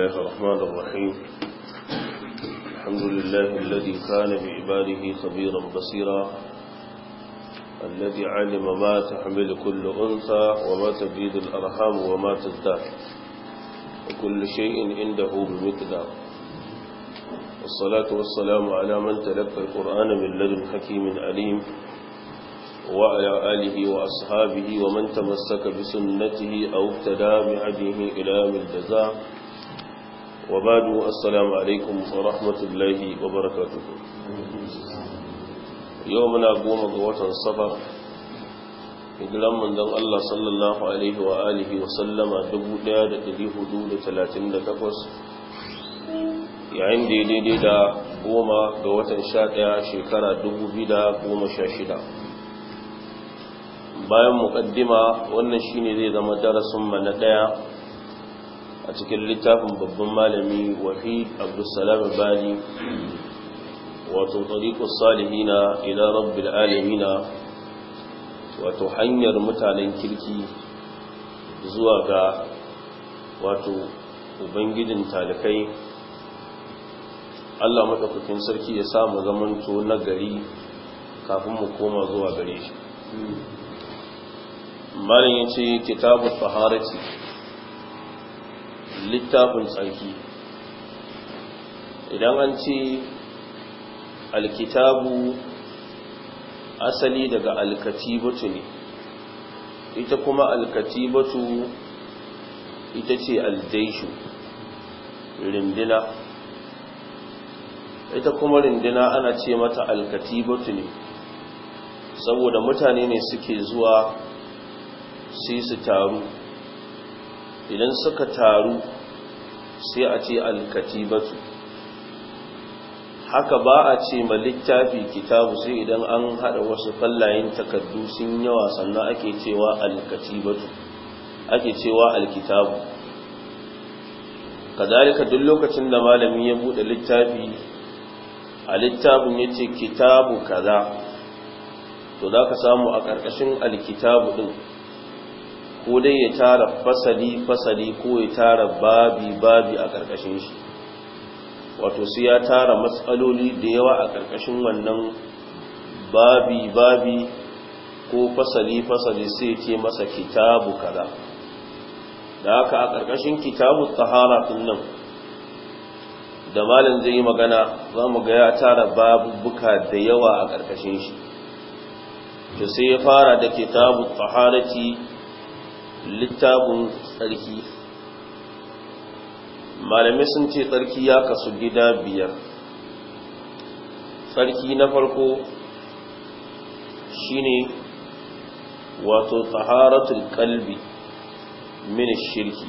الله الرحمن الرحيم الحمد لله الذي كان بعباده خبيرا بصيرا الذي علم ما تحمل كل أنثى وما تبيد الأرحام وما تزداد وكل شيء عنده بمقدار والصلاة والسلام على من تلقى القرآن من لدن حكيم عليم وعلى آله وأصحابه ومن تمسك بسنته أو ابتدى بعده إلى من جزاه وبعد السلام عليكم ورحمة الله وبركاته يومنا قوم قوة الصبر إقلام من دن الله صلى الله عليه وآله وسلم دبو دادة ليه دولة ثلاثين لتقص yayin daidai da goma ga watan sha ɗaya shekara dubu biyu da goma sha shida bayan muƙaddima wannan shine zai zama darasin na ɗaya a cikin littafin babban malami wahid abdussalam bali wato tariqus salihina ila rabbil alamina wato hanyar mutanen kirki zuwa ga wato ubangijin talikai Allah madaukakin sarki ya samu zamanto na gari kafin mu koma zuwa gare shi malin yace kitabut taharati littafin tsarki idan an ce alkitabu asali daga alkatibatu ne ita kuma alkatibatu ita ce aljaishu rindina ita kuma rindina ana ce mata alkatibatu ne saboda mutane ne suke zuwa sai su taru idan suka taru sai a ce alkatibatu haka ba a ce ma littafi kitabu sai idan an hada wasu fallayen takardu sun yawa sannan ake cewa alkatibatu ake cewa alkitabu duk lokacin da malamin ya bude littafi a littafin ya ce kitabu kaza to za ka samu a ƙarƙashin alkitabu din ko dai ya tara fasali fasali ko ya tara babi babi a ƙarƙashin shi wato sai ya tara matsaloli da yawa a ƙarƙashin wannan babi babi ko fasali fasali sai ce masa kitabu kaza da haka a ƙarƙashin kitabu tahara nan da malam zai yi magana za mu ga ya tara babubuka da yawa a ƙarƙashin shi to sai ya fara da kitabu taharati littafin tsarki malamai sun ce tsarki ya kasu gida biyar tsarki na farko shine wato taharatul kalbi min shirki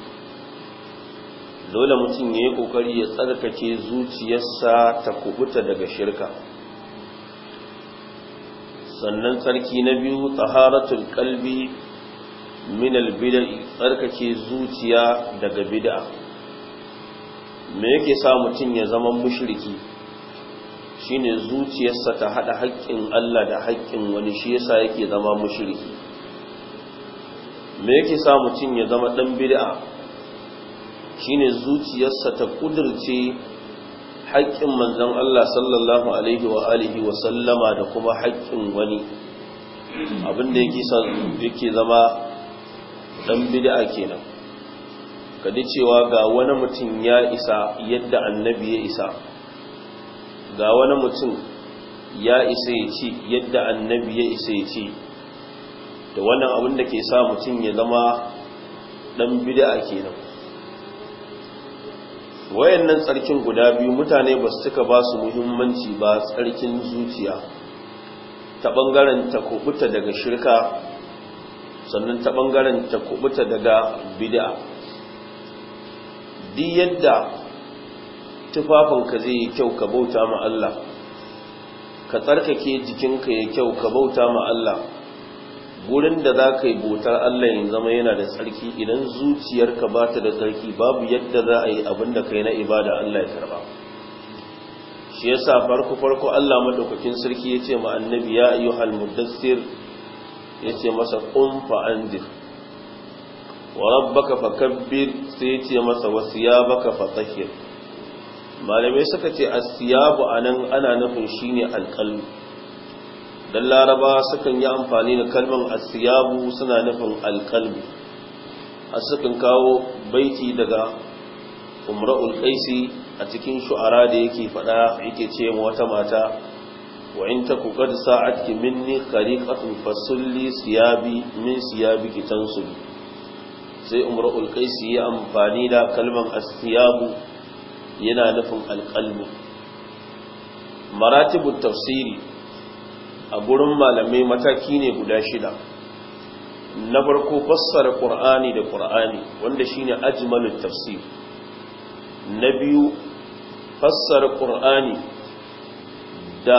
dole mutum ya yi kokari ya tsarkake zuciyarsa ta kubuta daga shirka sannan tsarki na biyu taharatul kalbi min albidai tsarkake zuciya daga bid'a me yake sa mutum ya zama mushriki shine zuciyarsa ta hada haƙƙin Allah da haƙƙin wani shi yasa yake zama mushriki me yake sa mutum ya zama dan bid'a shine zuciyarsa ta kudirce haƙƙin manzon Allah sallallahu alaihi wa alihi wa sallama da kuma haƙƙin wani abin da yake zama dan bid'a kenan kadi cewa ga wani mutum ya isa yadda annabi ya isa ga wani mutum ya isa ya ci yadda annabi ya isa ya ci da wannan abin da ke sa mutum ya zama dan bid'a kenan wayannan tsarkin guda biyu mutane ba su suka ba su muhimmanci ba tsarkin zuciya ta bangaren ta daga shirka sannan ta ɓangaren ta kubuta daga bid'a di yadda tufafinka zai yi kyau ka bauta ma Allah ka tsarkake jikinka ya kyau ka bauta ma Allah gurin da za ka yi bautar Allah yin zama yana da tsarki idan zuciyarka ba ta da tsarki babu yadda za a yi abin da ka yi na ibada Allah ya karba shi yasa farko farko Allah madaukakin sarki ya ce ma annabi ya ayyuhal muddassir Ya ce masa qum fa wa rabbaka fakabbir sai yace masa fa fatahhir malamai suka ce a a nan ana nufin shi ne alƙalmi. Don laraba sukan yi amfani da kalmar asiyabu suna nufin a sukan kawo baiti daga umra'ul kaisi a cikin shu'ara da yake fada yake ce wata mata wa in taku qad sa'atki minni khariqatun fasulli siyabi min siyabiki tansuli sai umrul qais ya amfani da kalman asiyabu yana nufin alqalbu maratibut tafsiri a gurin malamai mataki ne guda shida na farko fassara qur'ani da qur'ani wanda shine ajmalut tafsir na biyu fassara qur'ani da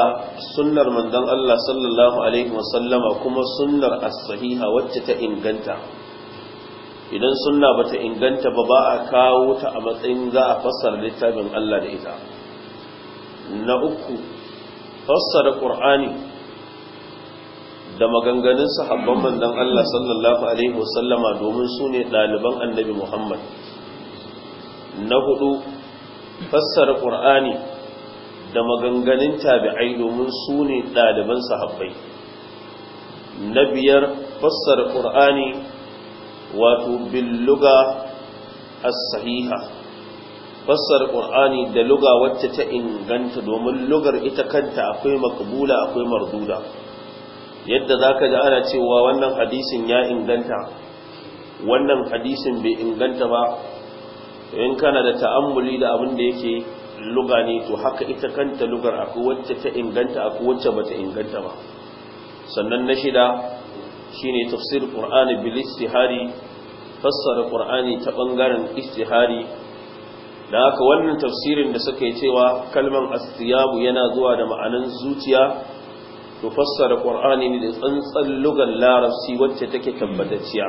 sunnar manzon Allah sallallahu alaihi wasallama kuma sunnar as-sahiha wacce ta inganta idan sunna bata inganta ba ba a kawo ta a matsayin za a fassara littafin Allah da ita na uku fassara Qur'ani da maganganun sahabban manzon Allah sallallahu alaihi wasallama domin su ne ɗaliban Annabi Muhammad na hudu fassara Qur'ani da maganganun tabi'ai domin su ne ɗaliban sahabbai na biyar fassar ƙur'ani wato billuga as-sahiha fassar ƙur'ani da luga wacce ta inganta domin lugar ita kanta akwai makabula akwai marduda yadda za ka ji ana cewa wannan hadisin ya inganta wannan hadisin bai inganta ba in kana da ta'ammuli da abin da yake luga ne to haka ita kanta lugar akwai wacce ta inganta akwai wacce bata inganta ba sannan na shida shine tafsir qur'ani bil istihari fassara qur'ani ta bangaren istihari da haka wannan tafsirin da suka yi cewa kalman astiyabu yana zuwa da ma'anan zuciya to fassara qur'ani ne da tsantsan lugar larabci wacce take tabbatacciya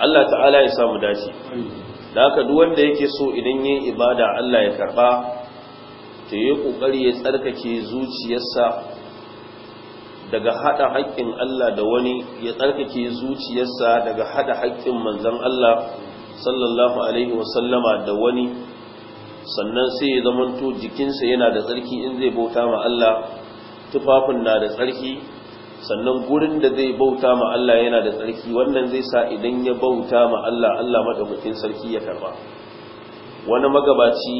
Allah ta'ala ya samu dace da aka duk wanda yake so idan yin ibada Allah ya karba ta yi kokari ya tsarkake zuciyarsa daga hada haƙƙin Allah da wani ya tsarkake zuciyarsa daga haɗa haƙƙin manzan Allah sallallahu alaihi wasallama da wani sannan sai ya zamanto jikinsa yana da tsarki in zai bauta ma Allah tufafin na da tsarki sannan gurin da zai bauta ma Allah yana da tsarki wannan zai sa idan ya bauta ma Allah Allah madaukakin sarki ya karba wani magabaci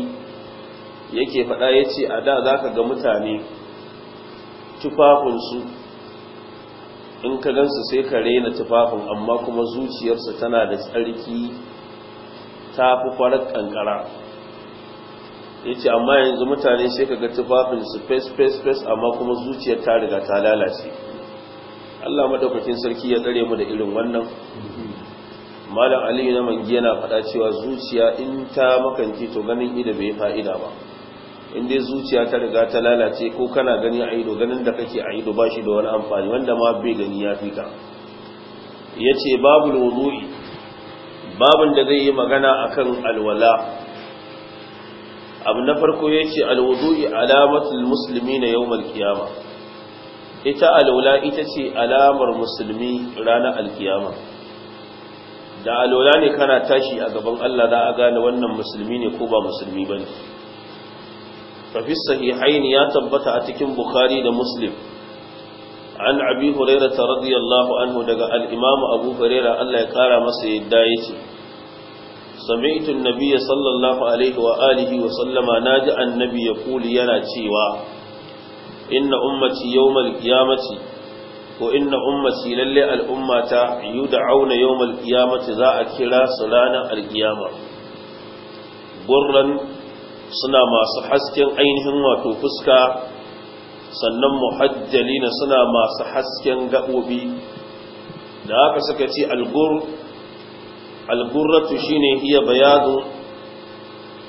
yake faɗa ya ce a da za ka ga mutane tufafinsu in ka gansu sai ka rena tufafin amma kuma zuciyarsu tana da tsarki ta fi farar ƙanƙara ya ce amma yanzu mutane sai ka ga tufafinsu fes fes amma kuma zuciyar ta riga ta lalace Allah madaukakin sarki ya tsare mu da irin wannan malam aliyu na mangi yana faɗa cewa zuciya in ta makanci to ganin ido bai fa'ida ba in dai zuciya ta riga ta lalace ko kana gani a ido ganin da kake a ido ba da wani amfani wanda ma bai gani ya fi ka ya ce wudu'i babin da zai yi magana akan alwala abu na farko yace ce alwudu'i alamatul musulmi na yawmal kiyama ita alwala ita ce alamar musulmi ranar alkiyama da alola ne kana tashi a gaban Allah za a gane wannan musulmi ne ko ba musulmi ba ne fafis sahihain ya tabbata a cikin bukhari da muslim an abi hurairah radiyallahu anhu daga al-imam abu hurairah Allah ya kara masa yadda yace ce. an Nabiya sallallahu alaihi wa alihi wa sallama naji annabi kuli yana cewa inna ummati yawmal qiyamati ko inna ummati lalle al'ummata yud'auna yawmal qiyamati za a kira su ranar alkiyama gurran suna masu hasken ainihin wato fuska sannan muhajjalina suna masu hasken gaɓoɓi da haka saka ce algurratu shine iya bayadu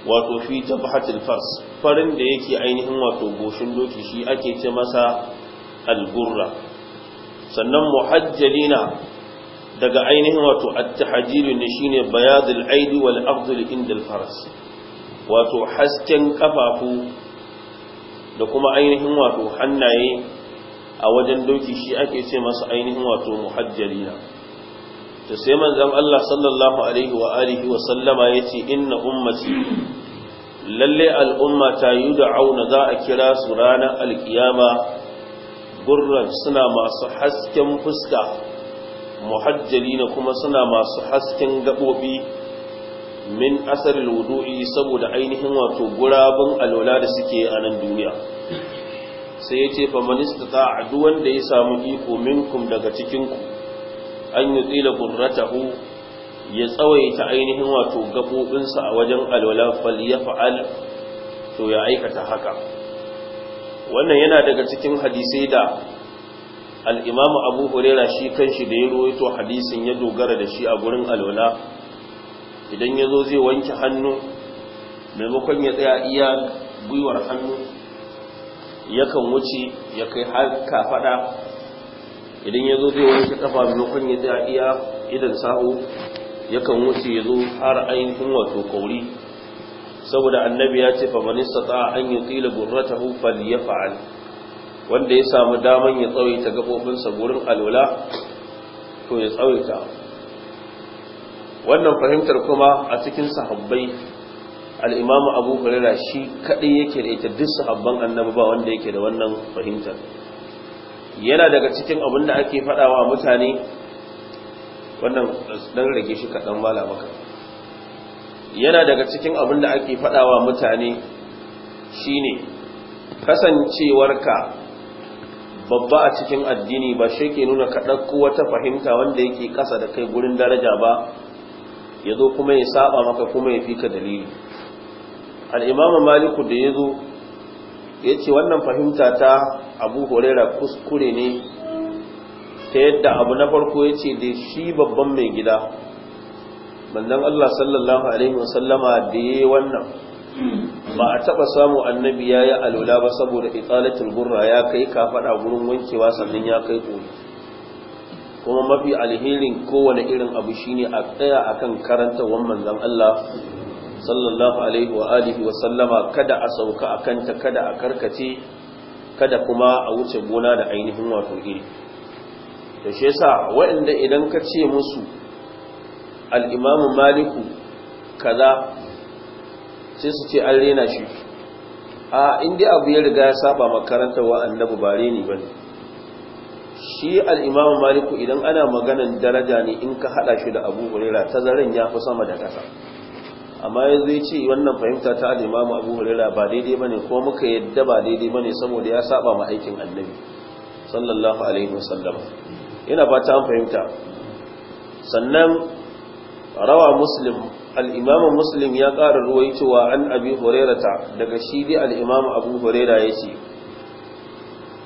wato fi jabhatil fars farin da yake ainihin wato goshin doki shi ake ce masa algurra sannan muhajjalina daga ainihin wato at-tahjiru ne shine bayadul aidi wal afdal inda al-faras wato hasken kafafu da kuma ainihin wato hannaye a wajen doki shi ake ce masa ainihin wato muhajjalina to sai manzon Allah sallallahu alaihi wa alihi wa sallama yace inna ummati lalle al'umma ta yud'auna za a kira su ranar alkiyama gurran suna masu hasken fuska muhajjalina kuma suna masu hasken gabobi min asarin wudu'i saboda ainihin wato gurabun alwala da suke a nan duniya sai ya ce fa manista ta wanda ya samu iko minkum daga cikinku an yi tsila burratahu ya tsawaita ainihin wato gabobinsa a wajen alwala ya fa'al to ya aikata haka wannan yana daga cikin hadisai da al'imamu abu hurera shi kanshi da ya to hadisin ya dogara da shi a gurin alwala idan ya zo zai wanke hannu maimakon ya tsaya iya gwiwar hannu yakan wuce ya kai har kafada idan ya zo zai wanke kafa maimakon ya tsaya iya idan sahu kan wuce ya zo har ainihin wato kauri saboda annabi ya ce fa manista ta an yi tila ya fa'al wanda ya samu daman ya tsawaita gaɓoɓinsa gurin al-wala to ya tsawaita wannan fahimtar kuma a cikin sahabbai al'imamu abu hurera shi kaɗai yake da ita duk sahabban annabi ba wanda yake da wannan fahimtar yana daga cikin abin da ake faɗawa mutane wannan dan rage shi kaɗan mala maka yana daga cikin abin da ake faɗawa mutane shine kasancewarka babba a cikin addini ba shi ke nuna ka ɗauko wata fahimta wanda yake ƙasa da kai gurin daraja ba ya zo kuma ya saba maka kuma ya fi ka dalili al'imama maliku da ya zo ya ce wannan fahimta ta abu horera kuskure ne ta yadda abu na farko ya ce da shi babban mai gida bandan Allah sallallahu Alaihi wasallama da ya wannan ba a taɓa samu annabi ya yi alula ba saboda itsalatul gurra ya kai kafaɗa gurin wankewa sannan ya kai ƙoli kuma mafi alherin kowane irin abu shine a tsaya akan wannan manzon Allah sallallahu alaihi wa alihi wa sallama kada a sauka a kanta kada a karkace kada kuma a wuce gona da ainihin wato iri da shi yasa waɗanda idan ka ce musu al maliku kaza sai su ce an rena shi a inda abu ya riga ya saba makarantar wa annabi ba reni bane shi al maliku idan ana maganan daraja ne in ka haɗa shi da abu hurera tazaren ya fi sama da ƙasa amma yanzu ya ce wannan fahimta ta alimamu abu hurera ba daidai ba ne ko muka yadda ba daidai ba ne saboda ya saba ma aikin annabi sallallahu alaihi wasallam ina fata an fahimta sannan rawa muslim al'imamu muslim ya ƙara ruwaitowa an abi ta. daga shi dai al'imamu abu al-hurera ya ce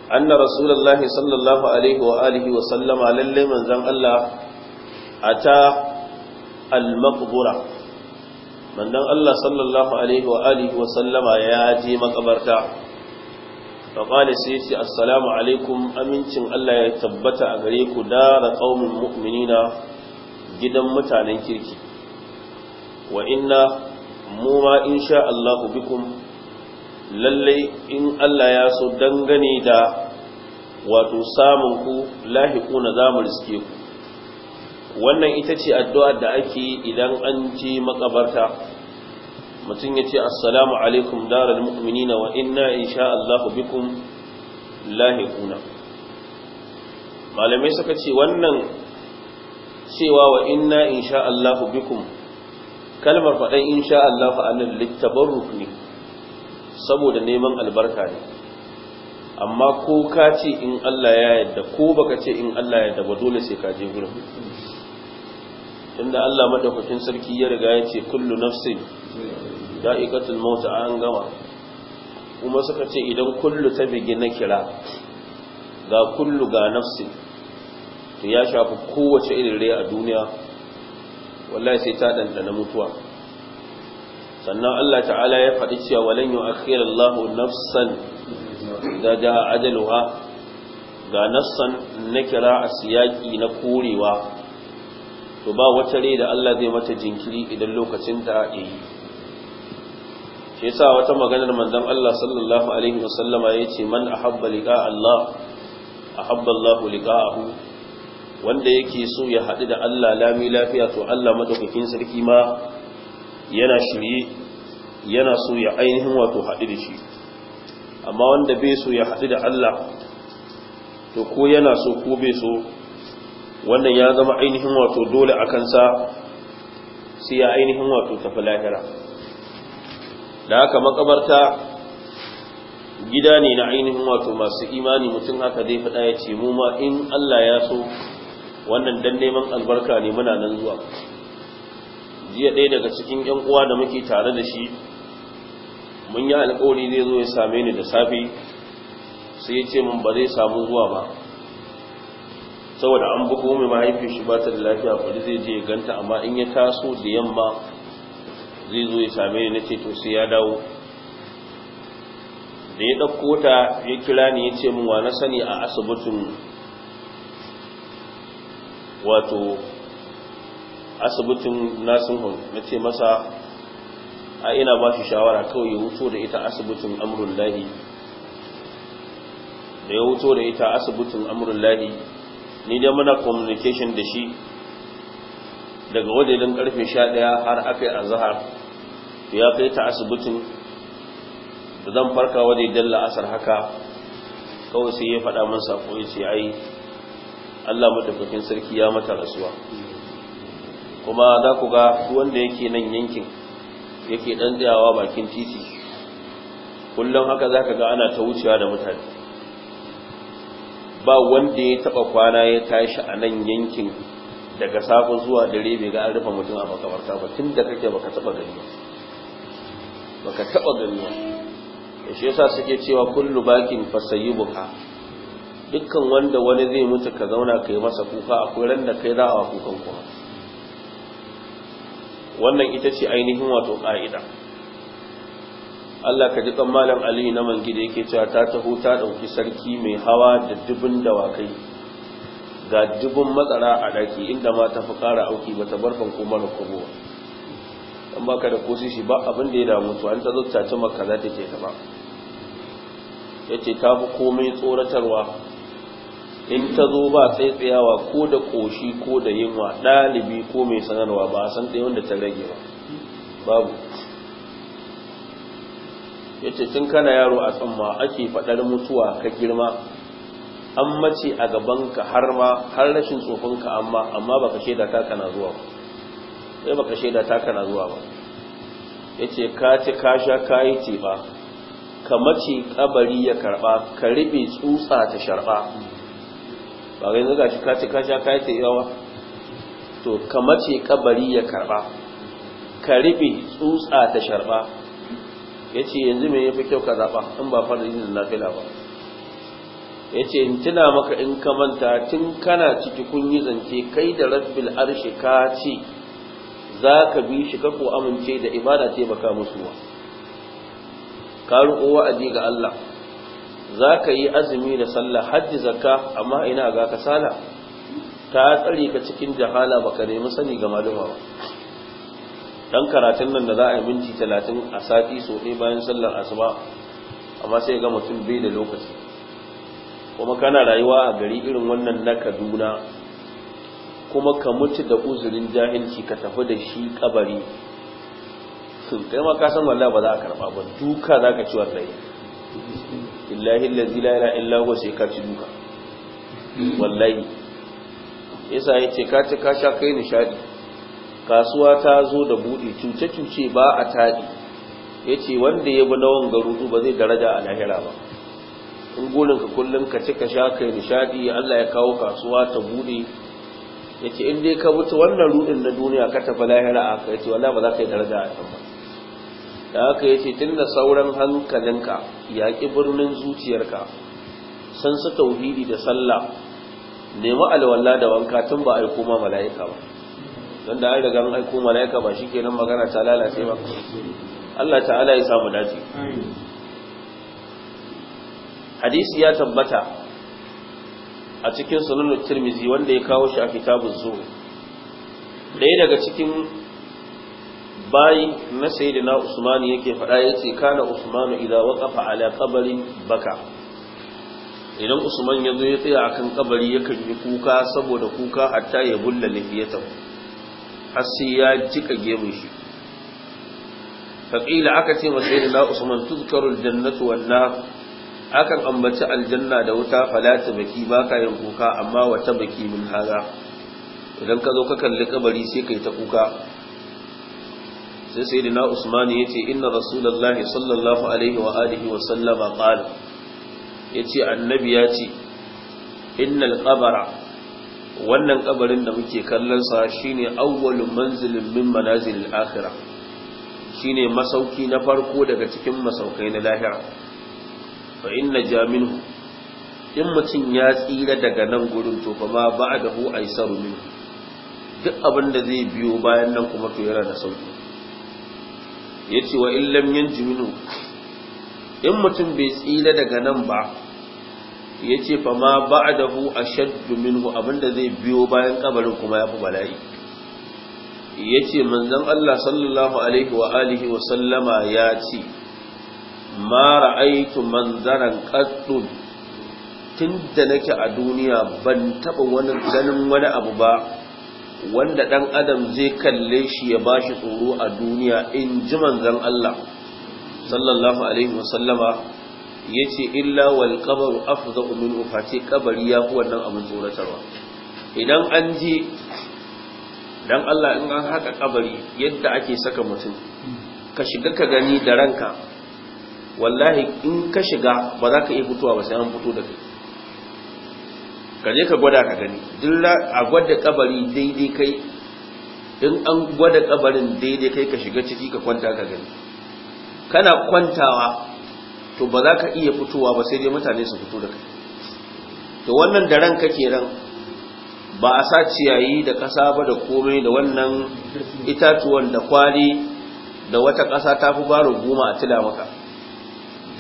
an na rasulallahi sallallahu alaihi wa alihi wa sallama lallai manzan Allah a ta al-maqbura mandan Allah sallallahu alaihi wa alihi wa sallama ya je makabarta faƙali sai ce assalamu alaikum amincin Allah ya tabbata a gare ku dara ƙaumin mu'minina gidan mutanen kirki wa inna mu ma insha Allahu bikum lallai in Allah ya so dangane da wato samun ku lahiquna zamu riske ku wannan ita ce addu'ar da ake yi idan an je makabarta mutum ya ce assalamu alaikum darar mu'minina wa inna insha Allah bikum lahikuna malamai suka ce wannan cewa wa inna insha Allah bikum kalmar faɗin insha Allah annan littabarruk ne saboda neman albarka ne amma ko ka ce in Allah ya yadda ko baka ce in Allah ya yadda ba dole sai ka je gurin tunda Allah madaukakin sarki ya riga ya ce kullu nafsin da'iqatul maut an gama kuma suka ce idan kullu ta bigi na kira ga kullu ga nafsin to ya shafi kowace irin rai a duniya wallahi sai ta dandana mutuwa sannan Allah ta'ala ya faɗi cewa walan yu'akhirallahu nafsan da ja'a ajaluha ga nafsan na kira a siyaki na korewa to ba wata rai da Allah zai mata jinkiri idan lokacin ta yi shi yasa wata maganar manzon Allah sallallahu alaihi wasallama yace man ahabba liqa Allah ahabba Allah liqa'ahu wanda yake so ya haɗu da Allah lami lafiya to Allah madaukakin sarki ma yana shirye yana so ya ainihin wato haɗu da shi amma wanda bai so ya haɗu da Allah to ko yana so ko bai so wannan ya zama ainihin wato dole a kansa sai ya ainihin wato tafi lahira da haka makabarta gida ne na ainihin wato masu imani mutum haka dai faɗa ya ce mu ma in Allah ya so wannan dan neman albarka ne muna nan zuwa jiya ɗaya daga cikin ‘yan uwa da muke tare da shi mun yi alƙawari zai zo ya same ni da safe sai ya ce mun ba zai samu zuwa ba saboda an bugo mai mahaifin shi ba ta da lafiya kudi zai je ganta amma in ya taso da yamma zai zo ya same ni na ce to sai ya dawo da ya ɗauko ta ya kira ni ya ce min wa na sani a asibitin wato asibitin nasin hun na ce masa a ina ba shi shawara kawai ya wuto da ita asibitin amurin da ya wuto da ita asibitin amrullahi lahi ni dai muna communication da shi daga wajejen karfe 11 har aka yi azhar ya kai ta asibitin da zan farka wajejen la'asar haka kawai sai ya faɗa min sako ya ce ai Allah madaukakin sarki ya mata rasuwa kuma za ku ga wanda yake nan yankin yake ɗan tsayawa bakin titi kullum haka zaka ga ana ta wucewa da mutane ba wanda ya taba kwana ya tashi a nan yankin daga safin zuwa dare bai ga an rufe mutum a makabarta ba tun da kake baka taba gani baka taba gani ya shi yasa suke cewa kullu bakin fasayyibuka dukkan wanda wani zai mutu ka zauna kai masa kuka akwai ran da kai za a kukan kuma wannan ita ce ainihin wato ka'ida Allah ka ji kan malam Ali na mangi da yake cewa ta taho ta ɗauki sarki mai hawa da dubun dawakai ga dubun matsara a ɗaki, inda ma ta fi ƙara auki ba ta barfan kuma na kubo an baka da kosi shi ba abin da ya damu to an ta zo ta maka za ta ke gaba ce ta fi komai tsoratarwa in ta zo ba tsaitsayawa ko da ƙoshi ko da yinwa ɗalibi ko mai sanarwa ba a san ɗaya wanda ta rage ba babu yace tun kana yaro a tsamma ake fadar mutuwa ka girma an mace a gabanka har ma har rashin tsofinka amma amma baka shaida ta kana zuwa ba sai baka shaida ta kana zuwa ba yace ka ci ka sha kayi ce ba ka mace kabari ya karba ka ribe tsutsa ta sharba ba ga yanzu gashi ka ci ka sha kayi ce yawa to ka mace kabari ya karba ka ribe tsutsa ta sharba Yace yanzu me yafi kyau ka zaɓa in ba fara kai nafila ba Yace ce in tuna maka in ka manta tun kana ciki kun yi zance kai da rabbil arshi ka ce za ka bi shi ka ko amince da ibada ce baka musu wa ka riƙo wa'adi ga Allah za ka yi azumi da sallah hajji zakka amma ina ga sala ta tsare ka cikin jahala baka nemi sani ga maluma ba dan karatun nan da za a yi minti talatin a sati so ɗaya bayan sallar asuba amma sai ga mutum bai da lokaci kuma kana rayuwa a gari irin wannan na kaduna kuma ka mutu da uzurin jahilci ka tafi da shi kabari kai ma ka san wallahi ba za a karba ba duka za ka ci wallahi illahi allazi la ilaha illa huwa sai ka ci duka wallahi yasa yace ka ci ka sha kai nishadi kasuwa ta zo da buɗe cuce-cuce ba a taɗi ya ce wanda ya bi lawan garutu ba zai daraja a lahira ba in ka kullum ka cika sha kai nishadi allah ya kawo kasuwa ta buɗe ya ce in dai ka wuce wannan ruɗin na duniya ka tafi lahira a ka ya ce wala ba za ka yi daraja a can ba da haka ya ce tun da sauran hankalinka yaƙi birnin zuciyarka sun su tauhidi da sallah nemi alwala da wanka tun ba a yi koma mala'ika ba don da an riga an aiko mala'ika ba shi kenan magana ta lalace ba Allah ta'ala ya samu dace hadisi ya tabbata a cikin sunan tirmizi wanda ya kawo shi a kitabun zuwa ɗaya daga cikin bayi na sayyidina usman yake faɗa ya ce kana usmanu idan waƙafa ala kabarin baka idan usman ya zo ya tsaya akan kabari yakan yi kuka saboda kuka hatta ya bulla lafiyatahu har sai ya jika gemun shi faƙila aka ce ma yana usman tuzkarul jannatu wanna akan ambaci aljanna da wuta falata baki ba ka yin kuka amma wata baki min haza idan ka zo ka kalli kabari sai kai ta kuka sai sai dina usman ya ce inna rasulullahi sallallahu alaihi wa alihi wa sallama qala yace annabi ya ce innal qabara wannan kabarin da muke kallon kallonsa shine Auwalu manzilin min akira akhirah shine masauki na farko daga cikin masaukai na lahira fa inna jaminu in mutum ya tsira daga nan gurin to fa ma ba'dahu aisaru min duk abin da zai biyo bayan nan kuma to yana da sauki yace wa illam yanjiminu in mutum bai tsira daga nan ba ya ce fa ma ba a a shaddu minhu abinda zai biyo bayan kabarin kuma ya fi bala'i ya ce manzan Allah sallallahu alaihi wa alihi wa sallama ya ce ma ra'aitu manzaran qattun tun da nake a duniya ban taɓa wani ganin wani abu ba wanda ɗan adam zai kalle shi ya bashi tsoro a duniya in ji manzan Allah sallallahu alaihi wa sallama yace illa wal qabru afdhu min ufati kabari ya fi wannan abin tsoratarwa idan an ji dan Allah in an haka kabari yadda ake saka mutum ka shiga ka gani da ranka wallahi in ka shiga ba za ka iya fitowa ba sai an fito da kai ka je ka gwada ka gani dilla a gwada kabari daidai kai in an gwada kabarin daidai kai ka shiga ciki ka kwanta ka gani kana kwantawa to ba za ka iya fitowa ba sai dai mutane su fito da kai to wannan daren ran kake ran ba a sa ciyayi da ƙasa ba da komai da wannan itatuwan da kwari da wata ƙasa ta fi baro goma a tila maka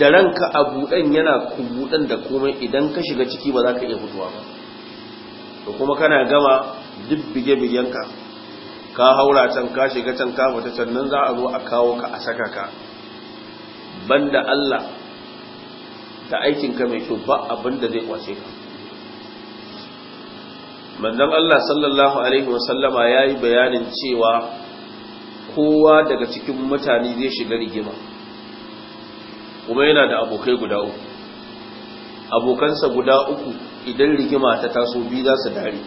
da ka a buɗan yana buɗan da komai idan ka shiga ciki ba za ka iya fitowa ba to kuma kana gama duk bige-bigenka ka haura can ka shiga can ka fita can nan za a zo a kawo ka a saka ka banda Allah da aikinka mai kyau ba abin da zai kwace ka manzon Allah sallallahu alaihi wasallama yayi bayanin cewa kowa daga cikin mutane zai shiga rigima kuma yana da abokai guda uku abokansa guda uku idan rigima ta taso biyu za su dare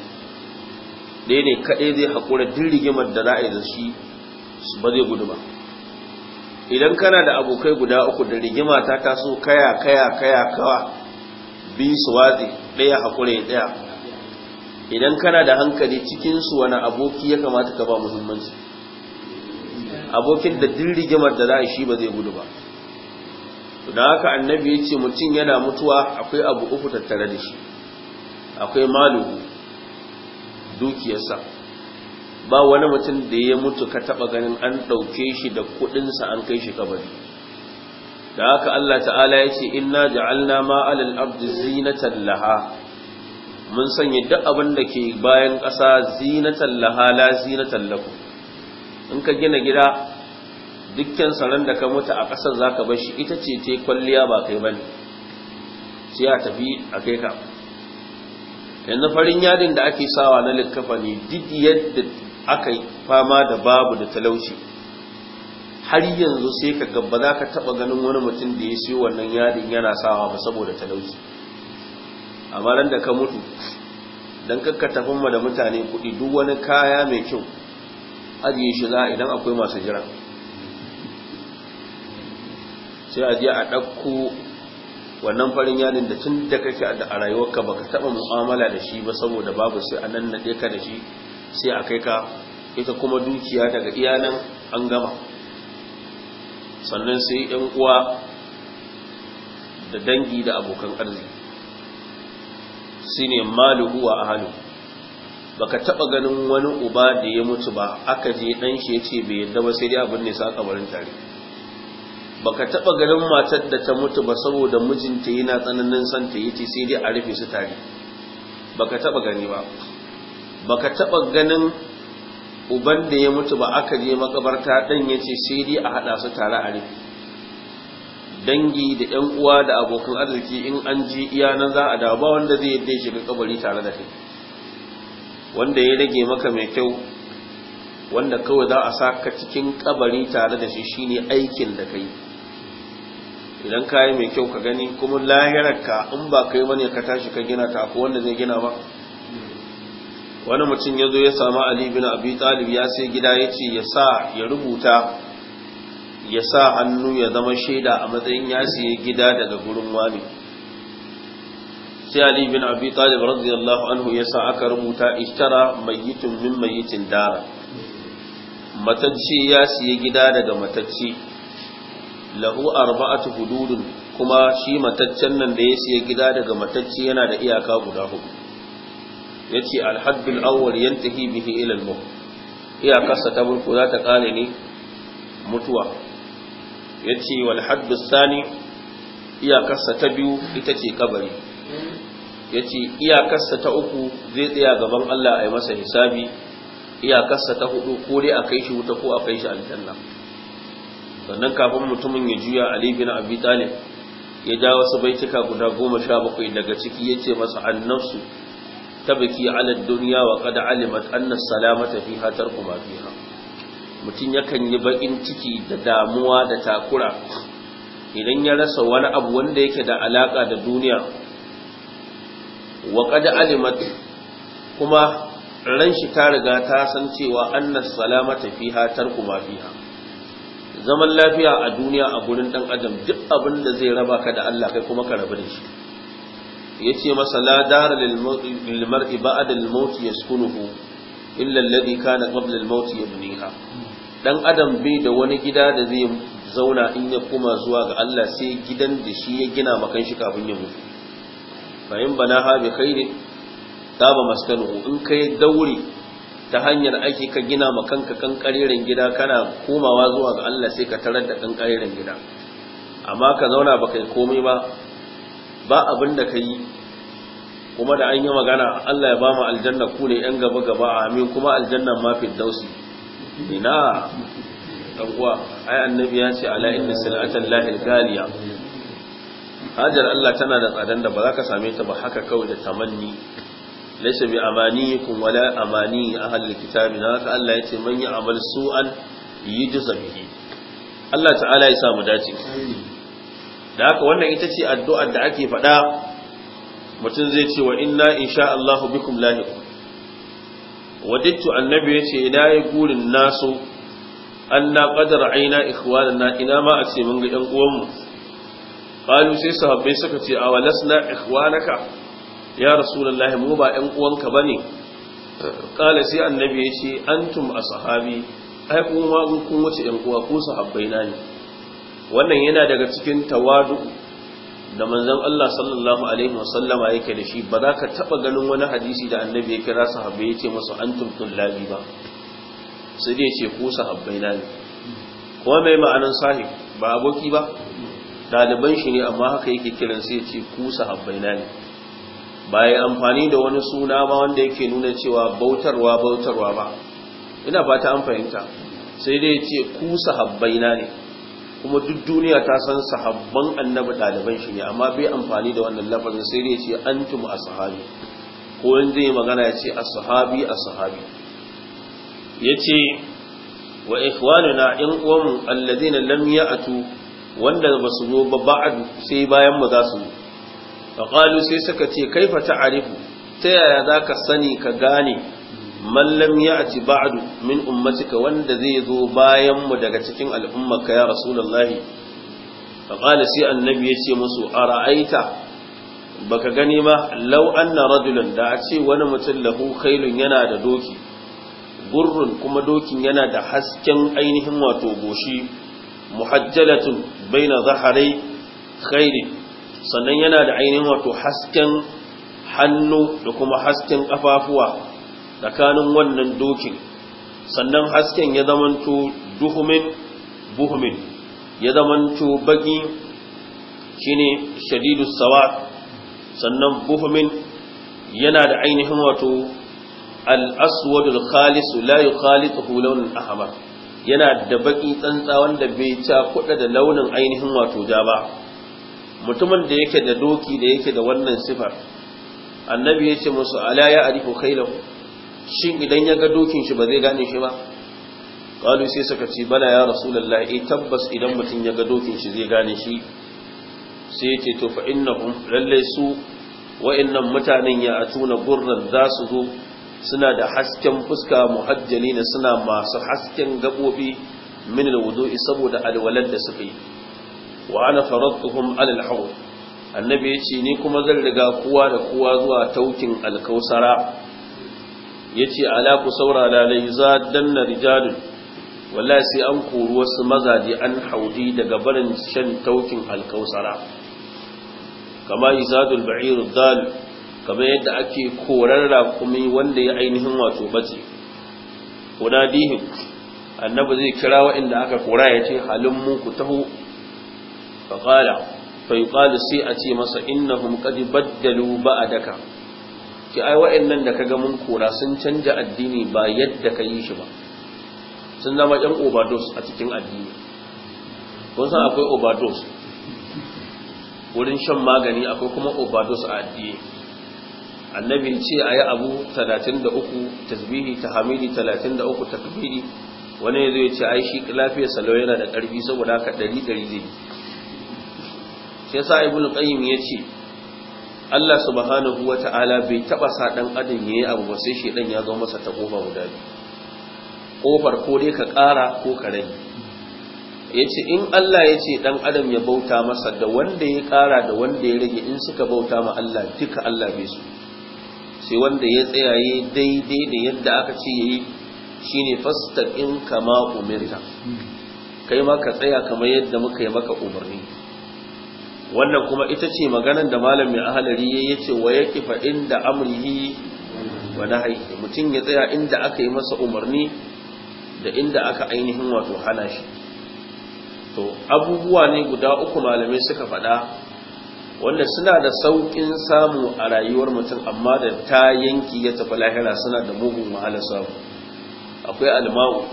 ɗaya ne kaɗai zai haƙura duk rigimar da za a yi da shi ba zai gudu ba idan kana da abokai guda uku da rigima ta taso kaya kaya kaya kawa bi su wazi daya hakure daya. idan kana da hankali cikinsu wani aboki ya kamata ka ba muhimmanci abokin da din rigimar da za a shi ba zai gudu ba da haka annabi ya ce mutum yana mutuwa akwai abu uku tattare da shi akwai maluhu dukiyarsa ba wani mutum da ya mutu ka taba ganin an ɗauke shi da kuɗinsa an kai shi kabari da haka Allah ta'ala ya ce inna ja'alna alal ardi zinatan laha mun sanya duk abin da ke bayan ƙasa zinatan laha la zinatan lakum in ka gina gida dukkan saran da ka mutu a ƙasar zaka bar shi ita ce ta kwalliya ba kai bane sai a tafi a kai ka yanzu farin yadin da ake sawa na ne duk yadda aka yi fama da babu da talauci har yanzu sai ka gaba za ka taba ganin wani mutum da ya siyo wannan yadin yana sawa ba saboda talauci amma ran da ka mutu don kakka tafin da mutane kuɗi duk wani kaya mai kyau ajiye shi za a idan akwai masu jira sai a je a ɗauko wannan farin yadin da tun da kake a rayuwarka baka taɓa mu'amala da shi ba saboda babu sai a nan na ka da shi sai a kai ka ita kuma dukiya daga iyanan an gama sannan sai yan uwa da dangi da abokan arziki shine maluhu wa ahlu baka taba ganin wani uba da ya mutu ba aka je dan shi yace bai yadda ba sai dai abin ne sa kabarin tare baka taba ganin matar da ta mutu ba saboda mijinta yana tsananin santa ta yace sai dai a rufe su tare baka taba gani ba baka taba ganin uban da ya mutu ba aka je makabarta dan yace sai dai a hada su tare a rufe dangi da yan uwa da abokan arziki in an ji iya nan za a dawo ba wanda zai yadda shiga kabari tare da kai wanda ya rage maka mai kyau wanda kawai za a saka cikin kabari tare da shi shine aikin da kai idan ka yi mai kyau ka gani kuma lahirarka in ba kai bane ka tashi ka gina ta ko wanda zai gina ba wani mutum ya zo ya samu ali bin abi talib ya sai gida ya ce ya sa ya rubuta ya sa hannu ya zama shaida a matsayin ya siye gida daga gurin wani sai ali bin abi talib radiyallahu anhu ya sa aka rubuta ishtara mayyitun min mayyitin dara matacci ya siye gida daga matacci lahu arba'atu hududun kuma shi mataccen nan da ya siye gida daga matacci yana da iyaka guda hudu yace al-haddul awwal yantahi bihi ila al-maut kasa ta burko za ta kare ne mutuwa yace wal haddus sani kasa ta biyu ita ce kabari yace kasa ta uku zai tsaya gaban Allah a masa hisabi kasa ta hudu ko dai a kai shi wuta ko a kai shi aljanna sannan kafin mutumin ya juya Ali bin Abi Talib ya ja wasu baituka guda goma sha bakwai daga ciki yace masa annasu tabki ala dunya wa qad alimat anna salamata fiha tarku ma fiha mutun yakan yi bakin ciki da damuwa da takura idan ya rasa wani abu wanda yake da alaka da duniya wa qad alimat kuma ran shi ta riga ta san cewa anna salamata fiha tarku ma fiha zaman lafiya a duniya a gurin dan adam duk abin da zai raba ka da Allah kai kuma ka rabu da shi yace masa la dar lil mar'i ba'da al maut yaskunuhu illa alladhi kana qabla al maut yabniha dan adam bai da wani gida da zai zauna in ya kuma zuwa ga Allah sai gidan da shi ya gina makan shi kafin ya mutu fa in banaha bi ta ba maskanuhu in kai daure ta hanyar aiki ka gina ma kanka ƙanƙareren gida kana komawa zuwa ga Allah sai ka tarar da ƙanƙareren gida amma ka zauna baka kai komai ba ba abin da ka yi kuma da an yi magana Allah ya ba mu aljanna ku ne yan gaba gaba amin kuma aljannan ma fi dausi ina dan ai annabi ya ce ala inna salatan lahil galiya hajar Allah tana da tsadan da ba za ka same ta ba haka kawai da tamanni laysa bi kun wala amani ahli kitabi na haka Allah ya ce man yi amal su'an yujza bihi Allah ta'ala ya sa mu dace da haka wannan ita ce addu'ar da ake faɗa mutum zai ce wa inna insha Allahu bikum lahiqun wadittu annabi yace ina yi gurin naso anna qadar aina ikhwanana ina ma a ce mun ga ƴan uwanmu qalu sai sahabbai suka ce a awalasna ikhwanaka ya rasulullahi mu ba yan uwanka bane qala sai annabi yace antum ashabi ai kuma kun wuce yan uwa su sahabbai na ne wannan yana daga cikin tawadu da manzon Allah sallallahu alaihi wasallama yake da shi ba za ka taba ganin wani hadisi da annabi ya kira sahabbai ya ce musu antum tullabi ba sai dai ce ku sahabbai na ne kuma mai ma'anan sahib ba aboki ba ɗaliban shi ne amma haka yake kiran sai ya ce ku sahabbai na ne ba yi amfani da wani suna ba wanda yake nuna cewa bautarwa bautarwa ba ina ta an fahimta sai dai ya ce ku sahabbai na ne kuma duk duniya ta san sahabban annabi ɗaliban shi ne amma bai amfani da wannan lafazin sai dai ce antum ashabi ko wanda ya magana ya ce ashabi ashabi yace wa ikhwanuna in qawm alladhina lam ya'tu wanda basu zo ba ba'ad sai bayan mu za su fa qalu sai suka ce kaifa ta'rifu ta yaya zaka sani ka gane mallam ya ci ba'adu min ummatika wanda zai zo bayan mu daga cikin al'ummarka ya rasulullahi fa qala sai annabi ya ce musu ara'aita baka gani ba Lau'an anna radulan da a ce wani mutum lahu khailun yana da doki gurrun kuma dokin yana da hasken ainihin wato goshi muhajjalatun baina zaharai khairi sannan yana da ainihin wato hasken hannu da kuma hasken kafafuwa tsakanin wannan dokin sannan hasken ya zamanto duhumin buhumin ya zamanto baki shine shadidus sawa sannan buhumin yana da ainihin wato al-aswadul khalis la yukhalituhu lawnun yana da baki tsantsa wanda bai ca kuɗa da launin ainihin wato ja ba mutumin da yake da doki da yake da wannan sifar annabi ya ce musu ala ya arifu khailahu shin idan ya ga dokin shi ba zai gane shi ba qalu sai suka ce bala ya rasulullah eh tabbas idan mutum ya ga dokin shi zai gane shi sai ya ce to fa innahum lalle su wa'annan mutanen ya atuna gurran za su zo suna da hasken fuska muhajjali muhajjalina suna masu hasken gabobi min alwudu'i saboda alwalad da suka yi wa ana faradtuhum ala alhawd annabi yace ni kuma zan riga kowa da kowa zuwa taukin alkausara yace ala ku saurara lai za na rijalun wallahi sai an kori wasu mazaje an haudi daga barin shan taukin alkausara kama izadul ba'ir dal kama yadda ake korar rakumi wanda ya ainihin wato bace dihin, annabi zai kira waɗanda aka kora ya ce halin muku taho Faƙala, fa sai a ce masa innahum qad baddalu daka. ce ai wa'annan da kaga mun kora sun canja addini ba yadda ka yi shi ba sun zama yan overdose a cikin addini kun san akwai overdose wurin shan magani akwai kuma overdose a addini annabi ce ayi abu 33 tasbihi tahmidi 33 takbiri wani yazo ya ce ai shi lafiyar salo yana da ƙarfi saboda haka 100 100 zai sai yasa ibnu ya ce. Allah subhanahu wa ta'ala bai taba sa dan adam yayi abu ba sai shi ɗan ya zo masa ta kofa guda kofar ko dai ka ƙara ko ka rage yace in Allah yace ɗan adam ya bauta masa da wanda ya ƙara da wanda ya rage in suka bauta ma Allah duka Allah bai su sai wanda ya tsayaye daidai da yadda aka ce yayi shine in kama umirta kai ma ka tsaya kamar yadda muka yi maka umarni wannan kuma ita ce maganar da malam mai ahalari ya ce wa ya kifa inda amurhi wa haiki mutum ya tsaya inda aka yi masa umarni da inda aka ainihin wato hana shi to abubuwa ne guda uku malamai suka faɗa wanda suna da sauƙin samu a rayuwar mutum amma da ta yanki ya tafi lahira suna da mugun wahala samu akwai alma'u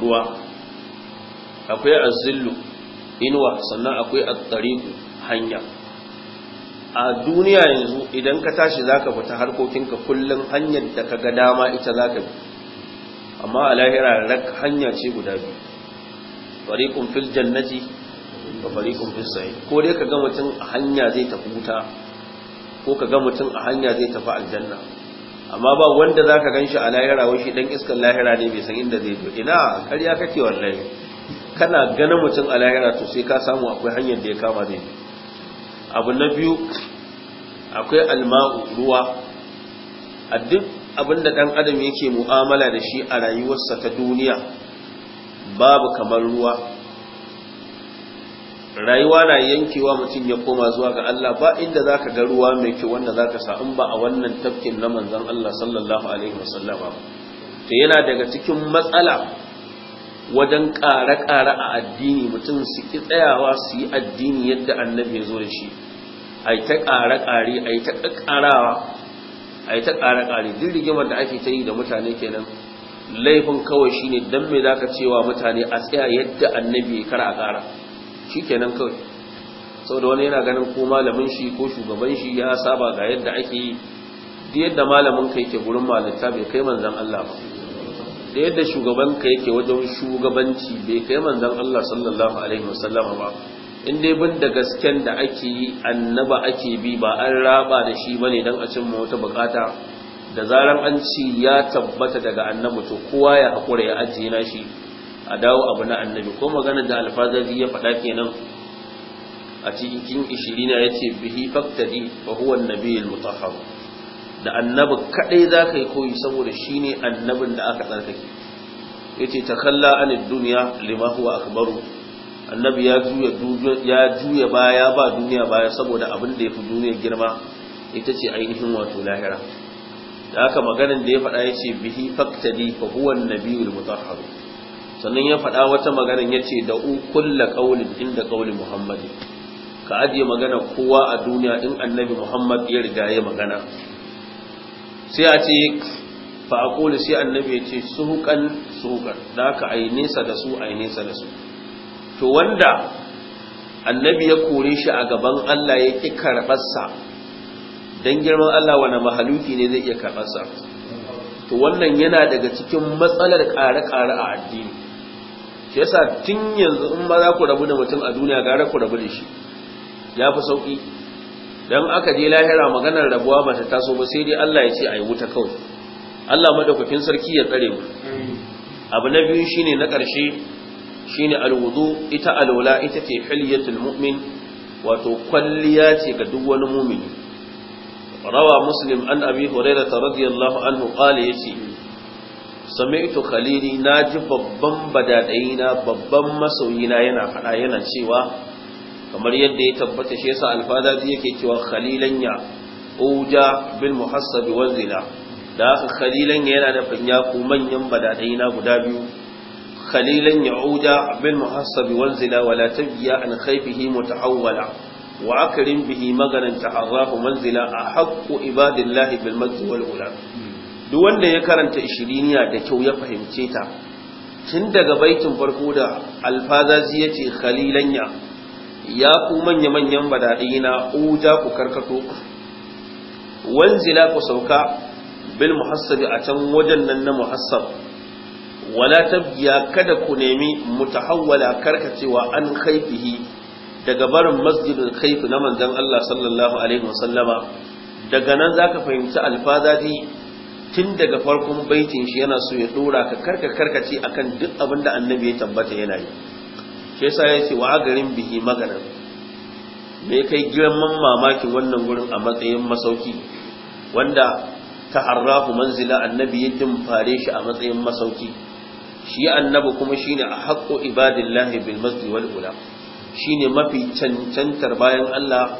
ruwa akwai azillu inuwa sannan akwai a tariqu hanya a duniya yanzu idan ka tashi za ka fita harkokinka kullum hanyar da ka ga dama ita za ka bi amma a lahira rak hanya ce guda biyu fariqun fil jannati wa fariqun fil sa'ir ko dai ka ga mutum a hanya zai tafi wuta ko ka ga mutum a hanya zai tafi aljanna amma ba wanda za gan ganshi a lahira wai shi dan iskan lahira ne bai san inda zai zo ina ƙarya kake wallahi kana ganin mutum a lahira to sai ka samu akwai hanyar da ya kama zai abu na biyu akwai alma'u ruwa a duk abin da ɗan adam yake mu'amala da shi a rayuwarsa ta duniya babu kamar ruwa rayuwa na yankewa mutum ya koma zuwa ga Allah ba inda za ka ga ruwa mai kyau wanda za ka sa'in ba a wannan tafkin na manzan Allah sallallahu Alaihi wasallama ta yana daga cikin matsala wajen ƙare-ƙare a addini mutum su ki tsayawa su yi addini yadda annabi ya zo da shi a yi ta ƙare-ƙare a yi ta ƙarawa, a yi ta ƙare-ƙare duk rigimar da ake ta yi da mutane kenan laifin kawai shi ne don me za ka cewa mutane a tsaya yadda annabi ya kara a ƙara shi kenan kawai saboda wani yana ganin ko malamin shi ko shugaban shi ya saba ga yadda ake yi duk yadda malamin kai ke gurin malinta bai kai manzan Allah ba da yadda shugabanka yake wajen shugabanci bai kai manzon Allah sallallahu alaihi wasallam ba in dai bin da gasken da ake yi annaba ake bi ba an raba da shi bane dan a cimma wata bukata da zaran an ci ya tabbata daga annabi to kowa ya hakura ya ajiye na shi a dawo abu na annabi ko magana da alfazari ya faɗa kenan a cikin ishirina ya ce bihi faktadi fa huwa annabiyul mutahhar da annabi kadai za ka yi koyi saboda shi ne annabin da aka tsarkake ya ce ta kalla anid duniya lima huwa akbaru annabi ya juya baya ba duniya baya saboda abin da ya fi duniya girma ita ce ainihin wato lahira da aka maganin da ya faɗa ya ce bihi faktadi fa huwa nabiyul mutahhar sannan ya faɗa wata maganin ya ce da u kulla qaulin inda qauli muhammadi ka ajiye magana kowa a duniya din annabi muhammad ya riga ya magana sai a ce fa sai annabi ya ce suhuqan suhuqan da a yi nesa da su yi nesa da su to wanda annabi ya kore shi a gaban Allah ya ƙi karɓarsa don girman Allah wani mahaluki ne zai iya karɓarsa? to wannan yana daga cikin matsalar ƙare-ƙare a addini shi yasa tun yanzu in ba za ku rabu da mutum a duniya gara ku rabu da shi ya fi sauƙi dan aka je lahira maganar rabuwa ba ta taso ba sai dai Allah ya ce ayi wuta kawai Allah madaukakin sarki ya tsare mu abu na biyu shine na ƙarshe shine alwudu ita alwala ita ce hilyatul mu'min wato kwalliya ce ga duk wani mu'mini rawa muslim an abi hurairah radiyallahu anhu qala yace sami'tu khalili naji babban badadayina babban masoyina yana fada yana cewa kamar yadda ya tabbata shi yasa alfadadi yake cewa khalilan uja bil muhassabi wal da haka khalilanya yana da ya ku manyan badadai na guda biyu khalilan oja, bil muhassabi wal zina wala tabiya an khayfihi mutahawwala wa akrim bihi maganan taharrahu manzila ahaqqu ibadillahi bil majdi wal ula duk wanda ya karanta ishiriniya da kyau ya fahimce ta tun daga baitin farko da alfazazi yace khalilanya. ya ya ku manya-manyan badaɗi na uja ku karkato wanzila ku sauka bil muhassabi a can wajen nan na muhassab wala tabgiya kada ku nemi mutahawwala karkacewa an khaifihi daga barin masjidin khaifi na manzon Allah sallallahu alaihi wasallama daga nan zaka fahimci alfazadi tun daga farkon baitin shi yana so ya dora ka karka karkace akan duk abin da annabi ya tabbata yana yi shi yasa ce, wa garin bihi magana, me kai girman mamakin wannan gurin a matsayin masauki wanda ta harrafu manzila annabi ya dimfare shi a matsayin masauki shi annabi kuma shine a haqqu ibadillahi bil masjid wal ula shine mafi cancantar bayan Allah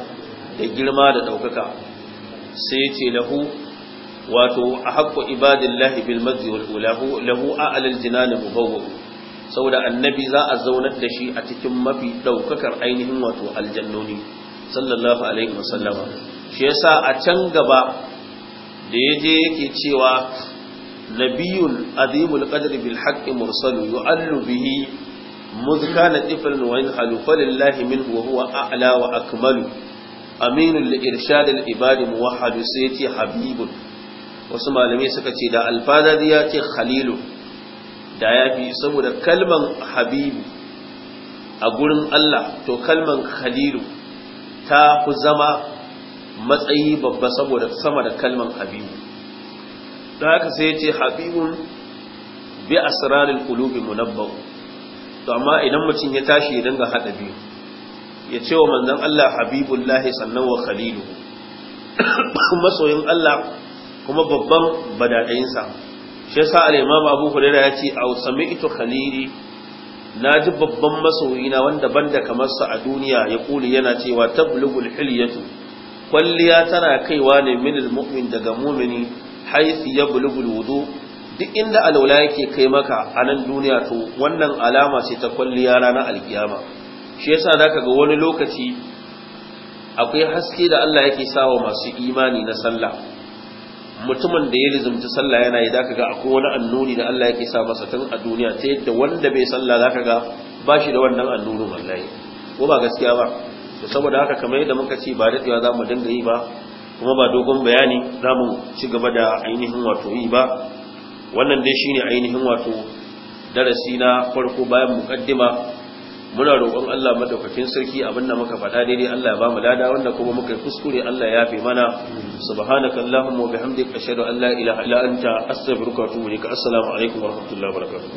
da girma da ɗaukaka. sai ya ce lahu wato a haqqu ibadillahi bil masjid wal ula lahu a'lal jinan mubawwa saboda annabi za a zaunar da shi a cikin mafi daukakar ainihin wato aljannoni sallallahu alaihi wasallama shi yasa a can gaba da yaje yake cewa nabiyun azimul qadri bil haqqi mursalu yu'allu bihi mudh kana tiflan wa yanhalu falillahi minhu wa huwa a'la wa akmalu aminun li irshad al ibad muwahhad sayyidi habibun wasu malamai suka ce da alfazari ya ce khalilu da ya fi saboda kalman habibu a gurin Allah to kalman khalilu ta ku zama matsayi babba saboda sama da kalman habibu don haka sai ya ce habibun bi asrarul kulubi munabbau to amma idan mutum ya tashi ya dinga haɗa biyu ya ce wa manzan Allah habibullahi sannan wa khalilu masoyin Allah kuma babban badaɗayinsa shi yasa al-imam abu hurairah ya ce aw sami'tu khalili na ji babban masoyina wanda banda kamar sa a duniya ya kuli yana cewa tablughul hilyatu kwalliya tana kaiwa ne minal mu'min daga mumini haisi ya bulugul wudu duk inda alaula yake kai maka a nan duniya to wannan alama ce ta kwalliya ranar alkiyama shi yasa da ga wani lokaci akwai haske da Allah yake sawa masu imani na sallah mutumin da ya lizumci sallah yana yi zaka ga akwai wani annuni da Allah yake sa masa tun a duniya ta yadda wanda bai sallah zaka ga ba shi da wannan annurin wallahi ko ba gaskiya ba to saboda haka kamar yadda muka ce ba daɗewa za mu dinga yi ba kuma ba dogon bayani za mu ci gaba da ainihin wato yi ba wannan dai shine ainihin wato darasi na farko bayan mukaddima muna roƙon Allah madaukakin sarki abinda muka faɗa daidai Allah ya bamu lada wanda kuma muka yi kuskure Allah ya yafe mana subhanaka allahumma wa bihamdika ashhadu an la ilaha illa anta astaghfiruka wa atubu ilaik assalamu alaikum wa rahmatullahi wa barakatuh